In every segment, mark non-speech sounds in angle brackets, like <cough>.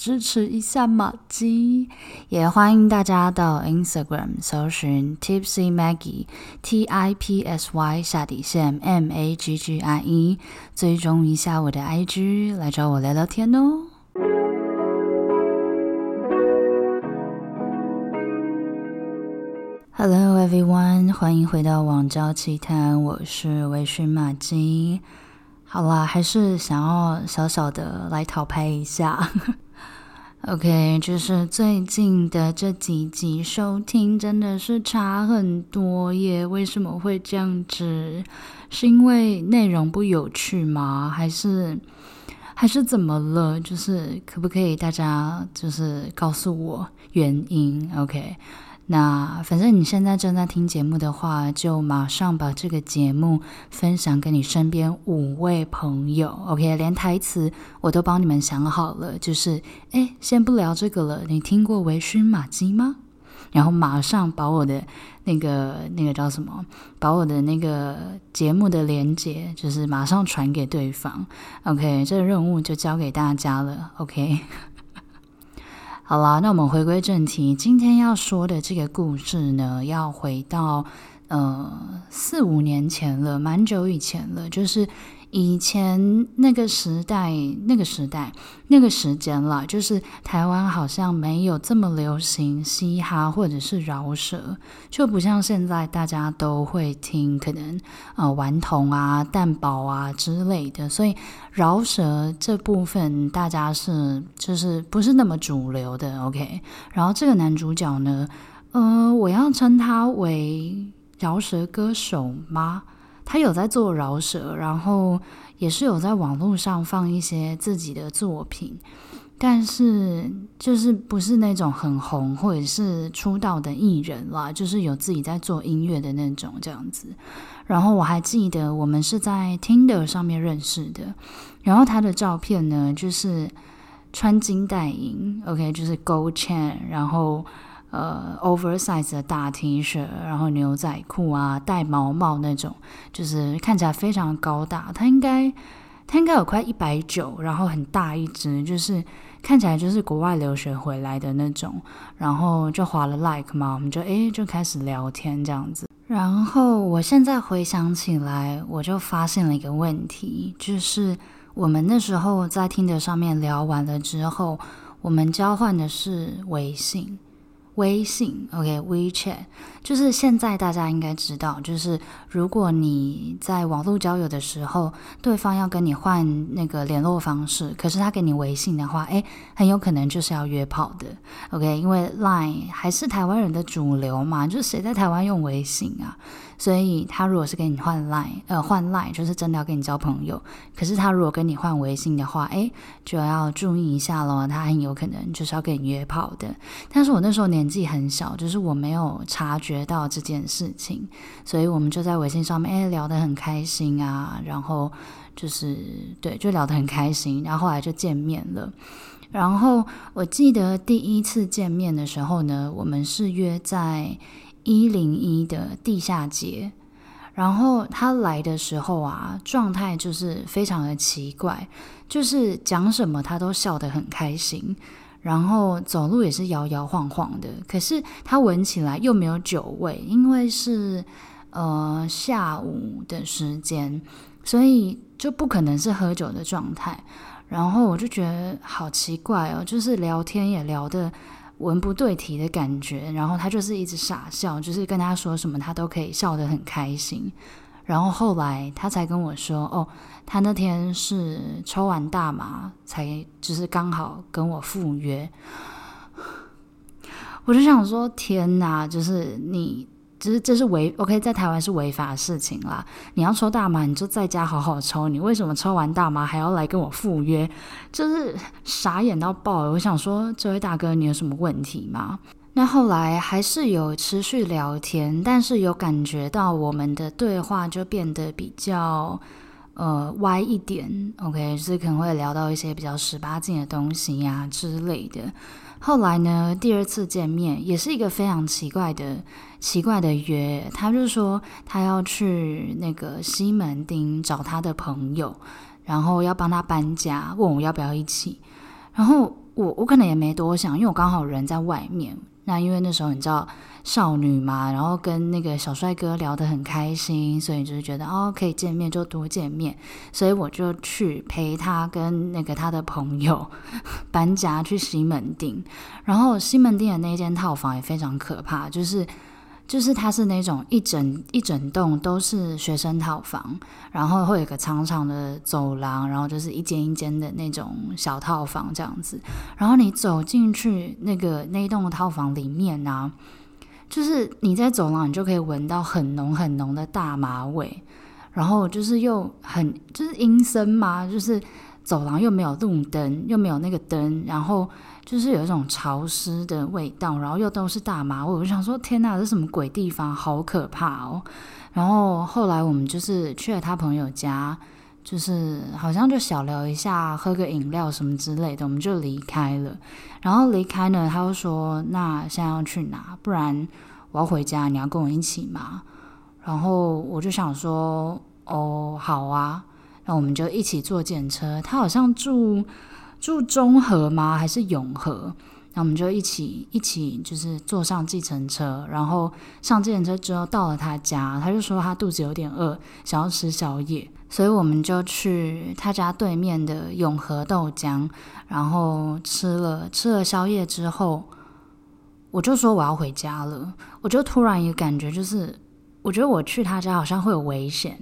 支持一下瑪姬，也歡迎大家到 Instagram 搜尋 Tipsy Maggie，T I P S Y 下底線 M A G G I E，追蹤一下我的 IG，來找我聊聊天哦。Hello everyone，歡迎回到網交奇談，我是微醺瑪姬。好啦，還是想要小小的來討拍一下。OK，就是最近的這幾集收聽真的是差很多耶，為什麼會這樣子？是因為內容不有趣嗎？還是還是怎麼了？就是可不可以大家就是告訴我原因？OK。那反正你現在正在聽節目的話，就馬上把這個節目分享給你身邊五位朋友。OK，連台詞我都幫你們想好了，就是哎，先不聊這個了。你聽過微醺瑪姬嗎？然後馬上把我的那個那個叫什麼，把我的那個節目的連接，就是馬上傳給對方。OK，這個任務就交給大家了。OK。好啦，那我們回歸正題。今天要說的這個故事呢，要回到呃四五年前了，蠻久以前了，就是。以前那個時代，那個時代，那個時間了，就是台灣好像沒有這麼流行嘻哈或者是饒舌，就不像現在大家都會聽，可能啊，呃，頑童啊、蛋堡啊之類的，所以饒舌這部分大家是就是不是那麼主流的。OK，然後這個男主角呢，呃，我要稱他為饒舌歌手嗎？他有在做饒舌，然後也是有在網絡上放一些自己的作品，但是就是不是那種很紅或者是出道的藝人啦，就是有自己在做音樂的那種這樣子。然後我還記得我們是在 Tinder 上面認識的，然後他的照片呢就是穿金戴銀，OK，就是 gold chain，然後。呃，oversize 的大 T 恤，然後牛仔褲啊，戴毛帽那種，就是看起來非常高大。他應該他應該有快一百九，然後很大一隻，就是看起來就是國外留學回來的那種。然後就劃了 like 嘛，我們就哎，就開始聊天這樣子。然後我現在回想起來，我就發現了一個問題，就是我們那時候在 Tinder 上面聊完了之後，我們交換的是微信。微信，OK，WeChat，okay，就是現在大家應該知道，就是如果你在網絡交友的時候，對方要跟你換那個聯絡方式，可是他給你微信的話，哎，很有可能就是要約炮的，OK？因為 Line 還是台灣人的主流嘛，就是誰在台灣用微信啊？所以他如果是跟你換賴，呃，換賴就是真的要跟你交朋友。可是他如果跟你換微信的話，哎，就要注意一下咯。他很有可能就是要跟你約炮的。但是我那時候年紀很小，就是我沒有察覺到這件事情，所以我們就在微信上面哎聊得很開心啊，然後就是對，就聊得很開心，然後後來就見面了。然後我記得第一次見面的時候呢，我們是約在。一零一的地下街，然後他來的時候啊，狀態就是非常的奇怪，就是講什麼他都笑得很開心，然後走路也是搖搖晃晃的，可是他聞起來又沒有酒味，因為是呃下午的時間，所以就不可能是喝酒的狀態。然後我就覺得好奇怪哦，就是聊天也聊得。文不對題的感覺，然後他就是一直傻笑，就是跟他說什麼他都可以笑得很開心。然後後來他才跟我說，哦，他那天是抽完大麻才，就是剛好跟我赴約。我就想說，天哪，就是你。就是這是違，OK，在台灣是違法的事情啦。你要抽大麻，你就在家好好抽。你為什麼抽完大麻還要來跟我赴約？就是傻眼到爆。我想說，這位大哥，你有什麼問題嗎？那後來還是有持續聊天，但是有感覺到我們的對話就變得比較呃歪一點。OK，就是可能會聊到一些比較十八禁的東西呀、啊、之類的。後來呢？第二次見面也是一個非常奇怪的、奇怪的約。他就說他要去那個西門町找他的朋友，然後要幫他搬家，問我要不要一起。然後。我我可能也沒多想，因為我剛好人在外面。那因為那時候你知道少女嘛，然後跟那個小帥哥聊得很開心，所以就是覺得哦，可以見面就多見面，所以我就去陪他跟那個他的朋友搬家去西門町。然後西門町的那間套房也非常可怕，就是。就是它是那種一整一整棟都是學生套房，然後會有一個長長的走廊，然後就是一間一間的那種小套房這樣子。然後你走進去那個那一棟套房裡面呢、啊，就是你在走廊你就可以聞到很濃很濃的大麻味，然後就是又很就是陰森嘛，就是走廊又沒有路燈，又沒有那個燈，然後。就是有一種潮濕的味道，然後又都是大麻，我就想說：天哪，這是什麼鬼地方？好可怕哦！然後後來我們就是去了他朋友家，就是好像就小聊一下，喝個飲料什麼之類的，我們就離開了。然後離開呢，他就說：那現在要去哪？不然我要回家，你要跟我一起嗎？然後我就想說：哦，好啊。然後我們就一起坐電車。他好像住。住中和嗎？還是永和？那我們就一起一起，就是坐上計程車，然後上計程車之後到了他家，他就說他肚子有點餓，想要吃宵夜，所以我們就去他家對面的永和豆漿，然後吃了吃了宵夜之後，我就說我要回家了，我就突然有感覺就是。我覺得我去他家好像會有危險，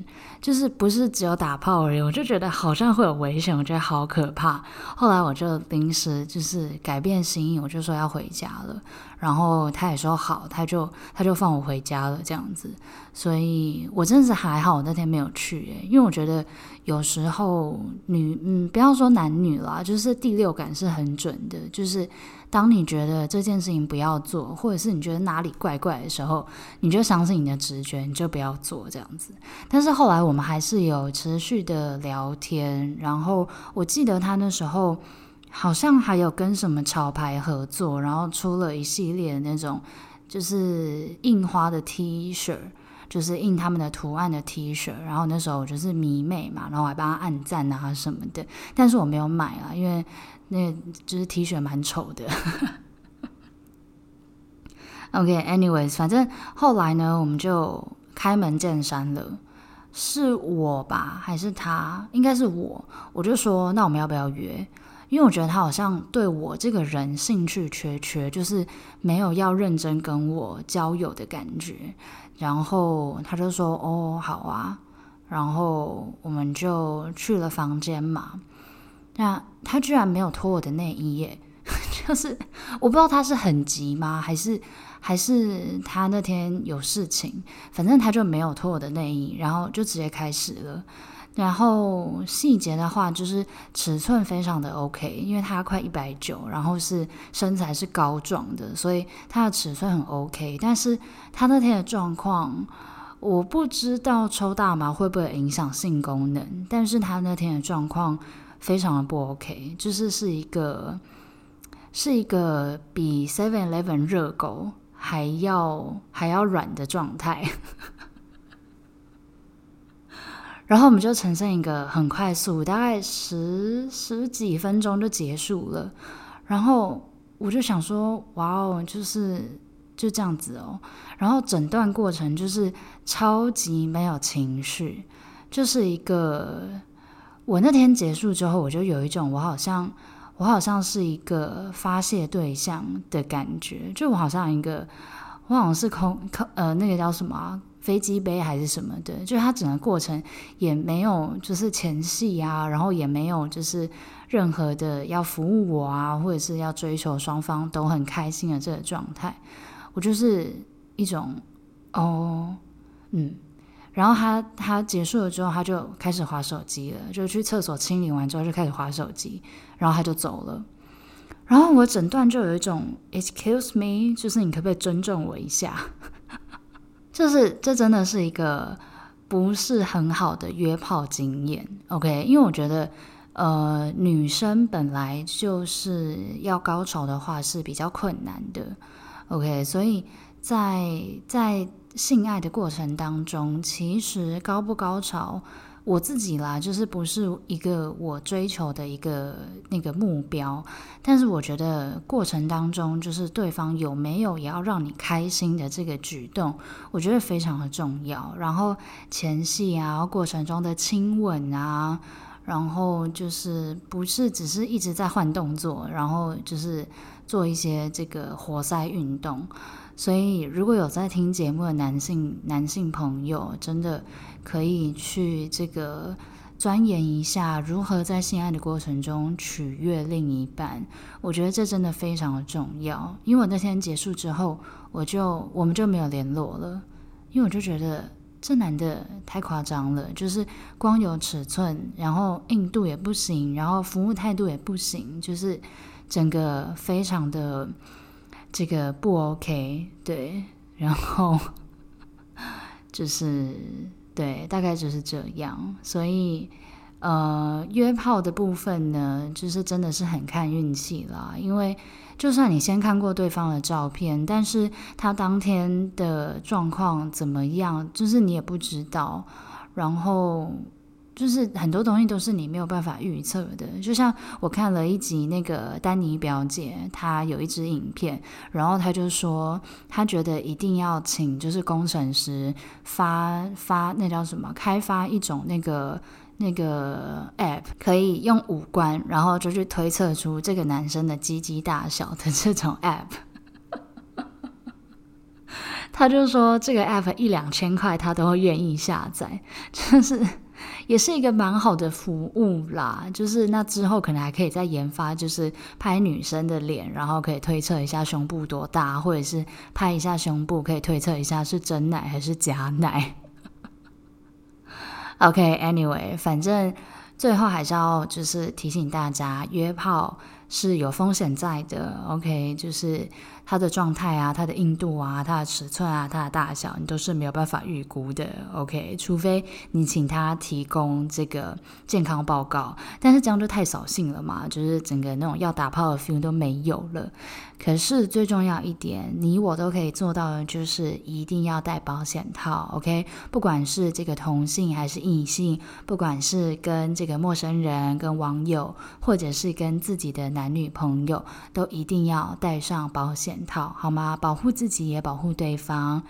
就是不是只有打炮而已，我就覺得好像會有危險，我覺得好可怕。後來我就臨時就是改變心意，我就說要回家了，然後他也說好，他就他就放我回家了這樣子。所以我真的是還好，我那天沒有去耶，因為我覺得有時候女嗯，不要說男女啦，就是第六感是很準的，就是。當你覺得這件事情不要做，或者是你覺得哪裡怪怪的時候，你就相信你的直覺，你就不要做這樣子。但是後來我們還是有持續的聊天，然後我記得他那時候好像還有跟什麼潮牌合作，然後出了一系列的那種就是印花的 T 恤。就是印他們的圖案的 T 恤，然後那時候我就是迷妹嘛，然後我還幫他按讚啊什麼的，但是我沒有買啊，因為那個就是 T 恤蠻醜的。 <laughs> OK，anyways，okay，反正後來呢，我們就開門見山了，是我吧，還是他？應該是我，我就說，那我們要不要約？因為我覺得他好像對我這個人興趣缺缺，就是沒有要認真跟我交友的感覺。然後他就說：“哦，好啊。”然後我們就去了房間嘛。那他居然沒有脫我的內衣耶？就是我不知道他是很急嗎？還是還是他那天有事情，反正他就沒有脫我的內衣，然後就直接開始了。然後細節的話，就是尺寸非常的 OK，因為他快一百九，然後是身材是高壯的，所以他的尺寸很 OK。但是他那天的狀況，我不知道抽大麻會不會影響性功能，但是他那天的狀況非常的不 OK，就是是一個是一個比 Seven Eleven 熱狗還要還要軟的狀態。然後我們就呈現一個很快速，大概十十幾分鐘就結束了。然後我就想說，哇哦，就是就這樣子哦。然後整段過程就是超級沒有情緒，就是一個。我那天結束之後，我就有一種我好像我好像是一個發泄對象的感覺，就我好像一個。我好像是空呃，那個叫什麼啊？飛機杯還是什麼的，就是他整個過程也沒有，就是前戲啊，然後也沒有就是任何的要服務我啊，或者是要追求雙方都很開心的這個狀態，我就是一種哦嗯，然後他他結束了之後，他就開始滑手機了，就去廁所清理完之後就開始滑手機，然後他就走了。然後我整段就有一種，excuse me，就是你可不可以尊重我一下？ <laughs> 就是這真的是一個不是很好的約炮經驗，OK？因為我覺得，呃，女生本來就是要高潮的話是比較困難的，OK？所以在在性愛的過程當中，其實高不高潮，我自己啦，就是不是一個我追求的一個那個目標，但是我覺得過程當中，就是對方有沒有也要讓你開心的這個舉動，我覺得非常的重要。然後前戲啊，過程中的親吻啊，然後就是不是只是一直在換動作，然後就是做一些這個活塞運動。所以，如果有在聽節目的男性男性朋友，真的可以去這個鑽研一下，如何在性愛的過程中取悅另一半。我覺得這真的非常的重要。因為我那天結束之後，我就我們就沒有聯絡了，因為我就覺得這男的太誇張了，就是光有尺寸，然後硬度也不行，然後服務態度也不行，就是整個非常的。這個不 OK，對，然後就是對，大概就是這樣。所以，呃，約炮的部分呢，就是真的是很看運氣啦。因為就算你先看過對方的照片，但是他當天的狀況怎麼樣，就是你也不知道。然後。就是很多東西都是你沒有辦法預測的，就像我看了一集那個丹尼表姐，她有一支影片，然後她就說她覺得一定要請就是工程師發發那叫什麼開發一種那個那個 app 可以用五官，然後就去推測出這個男生的雞雞大小的這種 app，他 <laughs> 就說這個 app 一兩千塊他都願意下載，就是。也是一個蠻好的服務啦，就是那之後可能還可以再研發，就是拍女生的臉，然後可以推測一下胸部多大，或者是拍一下胸部，可以推測一下是真奶還是假奶。 <laughs> OK，anyway，、okay, 反正。最後還是要就是提醒大家，約炮是有風險在的。OK，就是它的狀態啊、它的硬度啊、它的尺寸啊、它的大小，你都是沒有辦法預估的。OK，除非你請他提供這個健康報告，但是這樣就太掃興了嘛，就是整個那種要打炮的 feel 都沒有了。可是最重要一點，你我都可以做到的就是一定要戴保險套。OK，不管是這個同性還是異性，不管是跟這個。跟陌生人、跟網友，或者是跟自己的男女朋友，都一定要戴上保險套，好嗎？保護自己，也保護對方。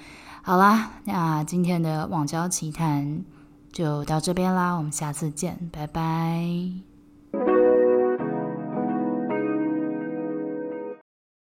好啦，那今天的網交奇談就到這邊啦，我們下次見，拜拜。